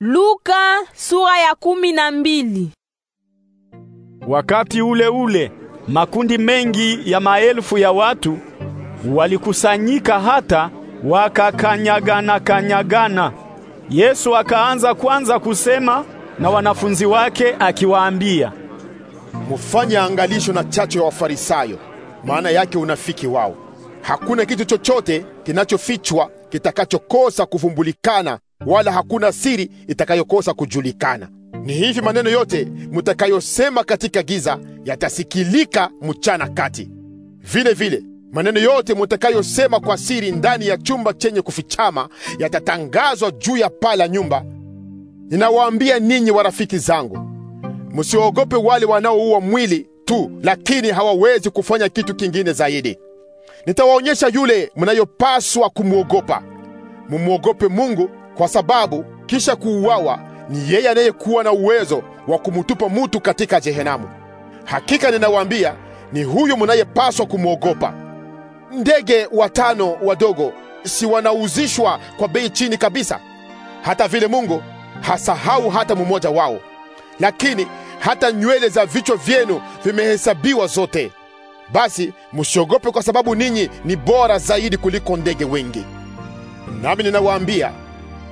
Luka sura ya kumi na mbili. Wakati ule ule makundi mengi ya maelfu ya watu walikusanyika hata wakakanyagana kanyagana. Yesu akaanza kwanza kusema na wanafunzi wake akiwaambia, mufanye angalisho na chacho ya Wafarisayo, maana yake unafiki wao. Hakuna kitu chochote kinachofichwa kitakachokosa kuvumbulikana wala hakuna siri itakayokosa kujulikana. Ni hivi maneno yote mutakayosema katika giza yatasikilika mchana kati. Vile vile maneno yote mutakayosema kwa siri ndani ya chumba chenye kufichama yatatangazwa juu ya paa la nyumba. Ninawaambia ninyi warafiki zangu, musiwaogope wale wanaouwa mwili tu, lakini hawawezi kufanya kitu kingine zaidi. Nitawaonyesha yule mnayopaswa kumwogopa. Mumwogope Mungu kwa sababu kisha kuuawa ni yeye anayekuwa na uwezo wa kumtupa mutu katika jehenamu. Hakika ninawaambia, ni huyu munayepaswa kumwogopa. Ndege watano wadogo si wanauzishwa kwa bei chini kabisa? Hata vile Mungu hasahau hata mmoja wao. Lakini hata nywele za vichwa vyenu vimehesabiwa zote. Basi msiogope, kwa sababu ninyi ni bora zaidi kuliko ndege wengi. Nami ninawaambia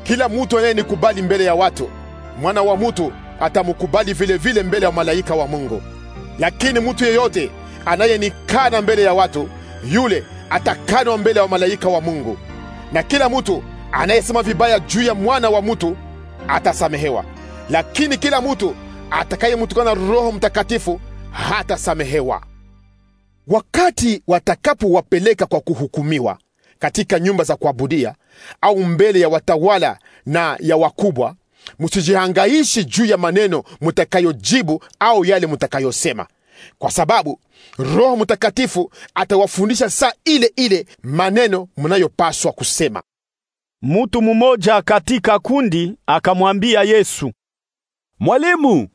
kila mutu anayenikubali mbele ya watu, mwana wa mutu atamkubali vile vile mbele ya malaika wa Mungu. Lakini mutu yeyote anayenikana mbele ya watu, yule atakanwa mbele ya malaika wa Mungu. Na kila mutu anayesema vibaya juu ya mwana wa mutu atasamehewa, lakini kila mutu atakayemutukana Roho Mtakatifu hatasamehewa. Wakati watakapowapeleka kwa kuhukumiwa, katika nyumba za kuabudia au mbele ya watawala na ya wakubwa. Msijihangaishi juu ya maneno mutakayojibu au yale mutakayosema, kwa sababu Roho Mtakatifu atawafundisha saa ile ile maneno munayopaswa kusema. Mutu mumoja katika kundi akamwambia Yesu, Mwalimu,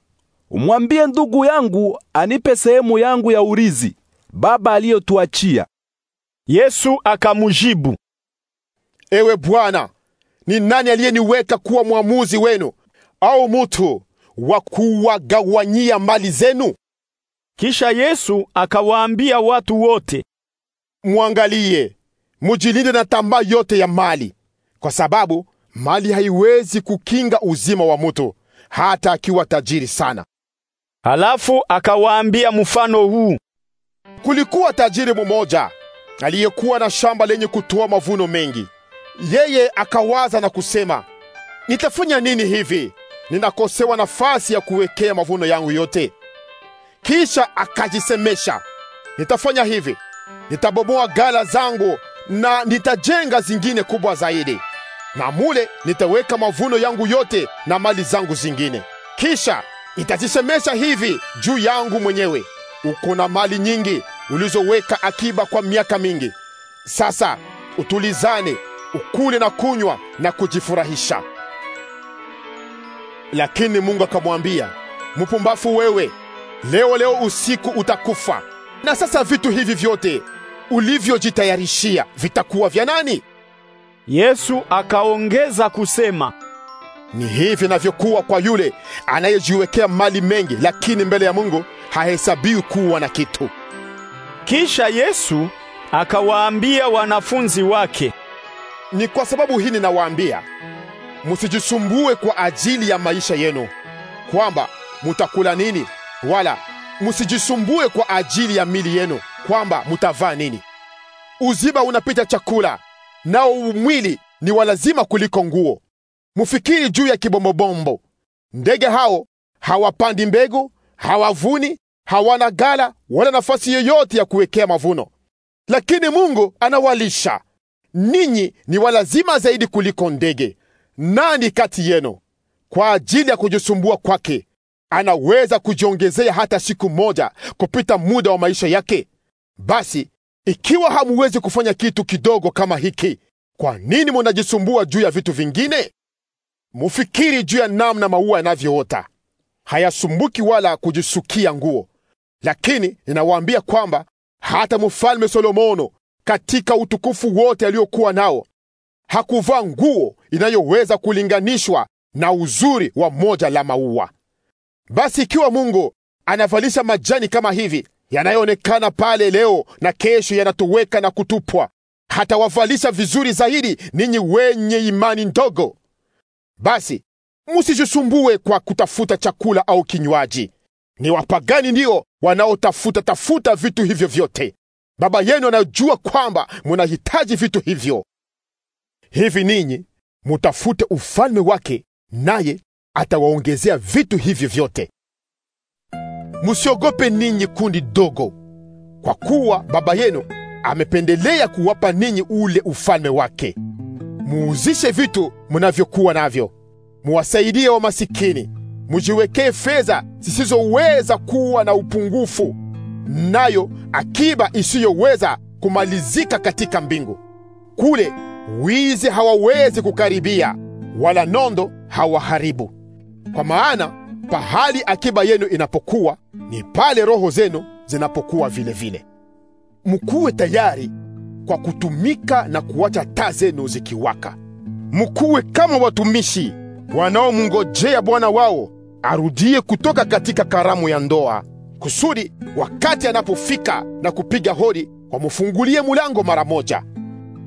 umwambie ndugu yangu anipe sehemu yangu ya urizi baba aliyotuachia. Yesu akamujibu, Ewe Bwana, ni nani aliyeniweka kuwa mwamuzi wenu au mutu wa kuwagawanyia mali zenu? Kisha Yesu akawaambia watu wote, Mwangalie, mujilinde na tamaa yote ya mali, kwa sababu mali haiwezi kukinga uzima wa mutu hata akiwa tajiri sana. Halafu akawaambia mfano huu: kulikuwa tajiri mmoja aliyekuwa na shamba lenye kutoa mavuno mengi. Yeye akawaza na kusema, nitafanya nini hivi? Ninakosewa nafasi ya kuwekea mavuno yangu yote. Kisha akajisemesha, nitafanya hivi, nitabomoa gala zangu na nitajenga zingine kubwa zaidi, na mule nitaweka mavuno yangu yote na mali zangu zingine. Kisha nitajisemesha hivi juu yangu mwenyewe, uko na mali nyingi ulizoweka akiba kwa miaka mingi. Sasa utulizane, ukule na kunywa na kujifurahisha. Lakini Mungu akamwambia, mpumbafu wewe, leo leo usiku utakufa. Na sasa vitu hivi vyote ulivyojitayarishia vitakuwa vya nani? Yesu akaongeza kusema, ni hivi navyokuwa kwa yule anayejiwekea mali mengi, lakini mbele ya Mungu hahesabiwi kuwa na kitu. Kisha Yesu akawaambia wanafunzi wake, ni kwa sababu hii ninawaambia, msijisumbue kwa ajili ya maisha yenu kwamba mutakula nini, wala msijisumbue kwa ajili ya mili yenu kwamba mutavaa nini. Uziba unapita chakula, nao mwili ni walazima kuliko nguo. Mufikiri juu ya kibombobombo. Ndege hao hawapandi mbegu, hawavuni hawana gala wala nafasi yoyote ya kuwekea mavuno, lakini Mungu anawalisha. Ninyi ni walazima zaidi kuliko ndege. Nani kati yenu kwa ajili ya kujisumbua kwake anaweza kujiongezea hata siku moja kupita muda wa maisha yake? Basi ikiwa hamuwezi kufanya kitu kidogo kama hiki, kwa nini munajisumbua juu ya vitu vingine? Mufikiri juu ya namna maua yanavyoota, hayasumbuki wala kujisukia nguo. Lakini ninawaambia kwamba hata mfalme Solomono katika utukufu wote aliokuwa nao hakuvaa nguo inayoweza kulinganishwa na uzuri wa moja la maua. Basi ikiwa Mungu anavalisha majani kama hivi yanayoonekana pale leo na kesho yanatoweka na kutupwa, hatawavalisha vizuri zaidi ninyi wenye imani ndogo? Basi msijisumbue kwa kutafuta chakula au kinywaji, ni wapagani ndio wanaotafuta tafuta vitu hivyo vyote. Baba yenu anajua kwamba munahitaji vitu hivyo. Hivi ninyi mutafute ufalme wake, naye atawaongezea vitu hivyo vyote. Musiogope ninyi kundi dogo, kwa kuwa baba yenu amependelea kuwapa ninyi ule ufalme wake. Muuzishe vitu munavyokuwa navyo, muwasaidie wamasikini, mujiwekee fedha zisizoweza kuwa na upungufu, nayo akiba isiyoweza kumalizika katika mbingu, kule wizi hawawezi kukaribia, wala nondo hawaharibu. Kwa maana pahali akiba yenu inapokuwa ni pale roho zenu zinapokuwa vilevile. Mkuwe tayari kwa kutumika na kuacha taa zenu zikiwaka. Mkuwe kama watumishi wanaomngojea bwana wao arudie kutoka katika karamu ya ndoa, kusudi wakati anapofika na kupiga hodi wamufungulie mulango mara moja.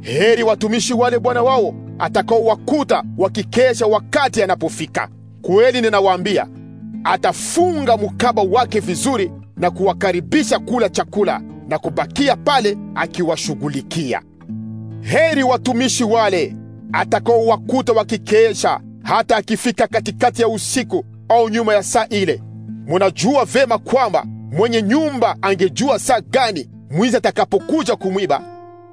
Heri watumishi wale bwana wao atakaowakuta wakikesha wakati anapofika. Kweli ninawaambia, atafunga mkaba wake vizuri na kuwakaribisha kula chakula na kubakia pale akiwashughulikia. Heri watumishi wale atakaowakuta wakikesha hata akifika katikati ya usiku au nyuma ya saa ile. Munajua vema kwamba mwenye nyumba angejua saa gani mwizi atakapokuja kumwiba,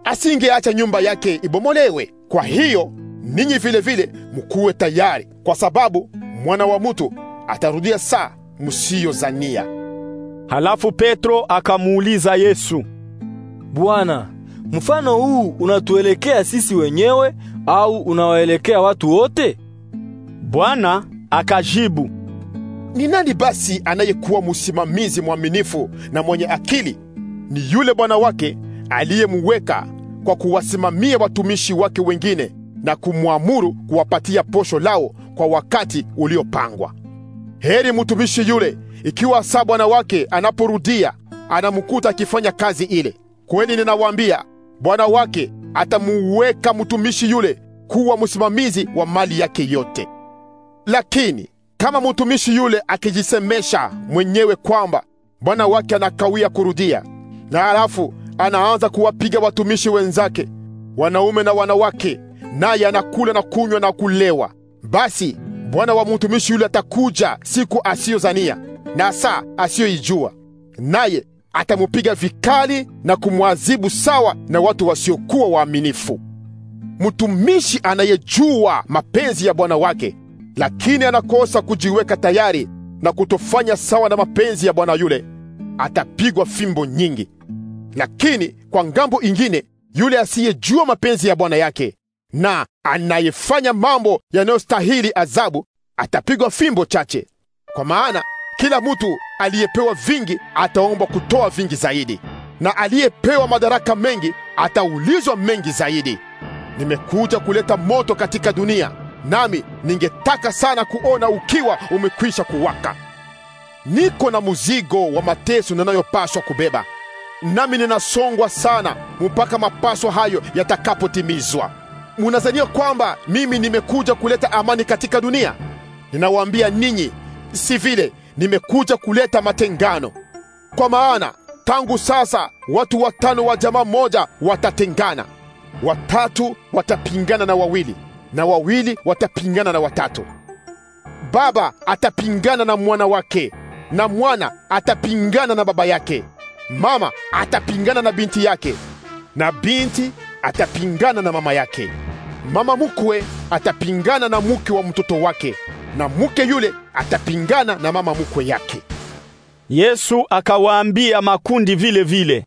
asingeacha nyumba yake ibomolewe. Kwa hiyo ninyi vile vile mkuwe tayari, kwa sababu mwana wa mtu atarudia saa msiyozania. Halafu Petro akamuuliza Yesu, Bwana, mfano huu unatuelekea sisi wenyewe au unawaelekea watu wote? Bwana akajibu, ni nani basi anayekuwa msimamizi mwaminifu na mwenye akili? Ni yule bwana wake aliyemweka kwa kuwasimamia watumishi wake wengine na kumwamuru kuwapatia posho lao kwa wakati uliopangwa. Heri mtumishi yule, ikiwa saa bwana wake anaporudia anamkuta akifanya kazi ile. Kweli ninawaambia, bwana wake atamuweka mtumishi yule kuwa msimamizi wa mali yake yote. Lakini kama mtumishi yule akijisemesha mwenyewe kwamba bwana wake anakawia kurudia, na halafu anaanza kuwapiga watumishi wenzake wanaume na wanawake, naye anakula na kunywa na kulewa, basi bwana wa mtumishi yule atakuja siku asiyozania na saa asiyoijua, naye atamupiga vikali na kumwadhibu sawa na watu wasiokuwa waaminifu. Mtumishi anayejua mapenzi ya bwana wake lakini anakosa kujiweka tayari na kutofanya sawa na mapenzi ya Bwana yule atapigwa fimbo nyingi. Lakini kwa ngambo ingine, yule asiyejua mapenzi ya Bwana yake na anayefanya mambo yanayostahili adhabu atapigwa fimbo chache. Kwa maana kila mtu aliyepewa vingi ataombwa kutoa vingi zaidi, na aliyepewa madaraka mengi ataulizwa mengi zaidi. Nimekuja kuleta moto katika dunia nami ningetaka sana kuona ukiwa umekwisha kuwaka. Niko na mzigo wa mateso ninayopaswa kubeba, nami ninasongwa sana mpaka mapaso hayo yatakapotimizwa. Munazania kwamba mimi nimekuja kuleta amani katika dunia? Ninawaambia ninyi, si vile. Nimekuja kuleta matengano. Kwa maana tangu sasa watu watano wa jamaa moja watatengana, watatu watapingana na wawili na wawili watapingana na watatu. Baba atapingana na mwana wake, na mwana atapingana na baba yake, mama atapingana na binti yake, na binti atapingana na mama yake. Mama mukwe atapingana na muke wa mtoto wake, na muke yule atapingana na mama mukwe yake. Yesu akawaambia makundi vile vile,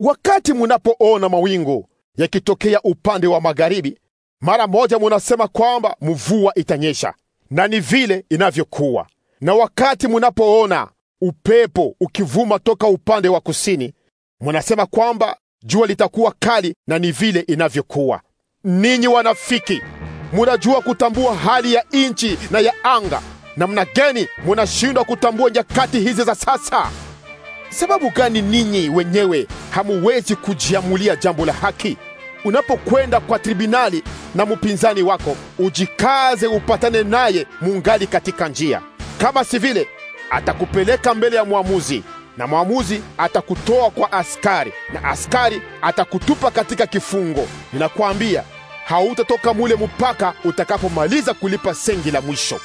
wakati munapoona mawingu yakitokea upande wa magharibi mara moja munasema kwamba mvua itanyesha, na ni vile inavyokuwa. Na wakati munapoona upepo ukivuma toka upande wa kusini, munasema kwamba jua litakuwa kali, na ni vile inavyokuwa. Ninyi wanafiki, munajua kutambua hali ya nchi na ya anga, namna gani munashindwa kutambua nyakati hizi za sasa? Sababu gani ninyi wenyewe hamuwezi kujiamulia jambo la haki? unapokwenda kwa tribinali na mpinzani wako, ujikaze upatane naye mungali katika njia. Kama si vile, atakupeleka mbele ya mwamuzi, na mwamuzi atakutoa kwa askari, na askari atakutupa katika kifungo. Ninakwambia, hautatoka mule mpaka utakapomaliza kulipa sengi la mwisho.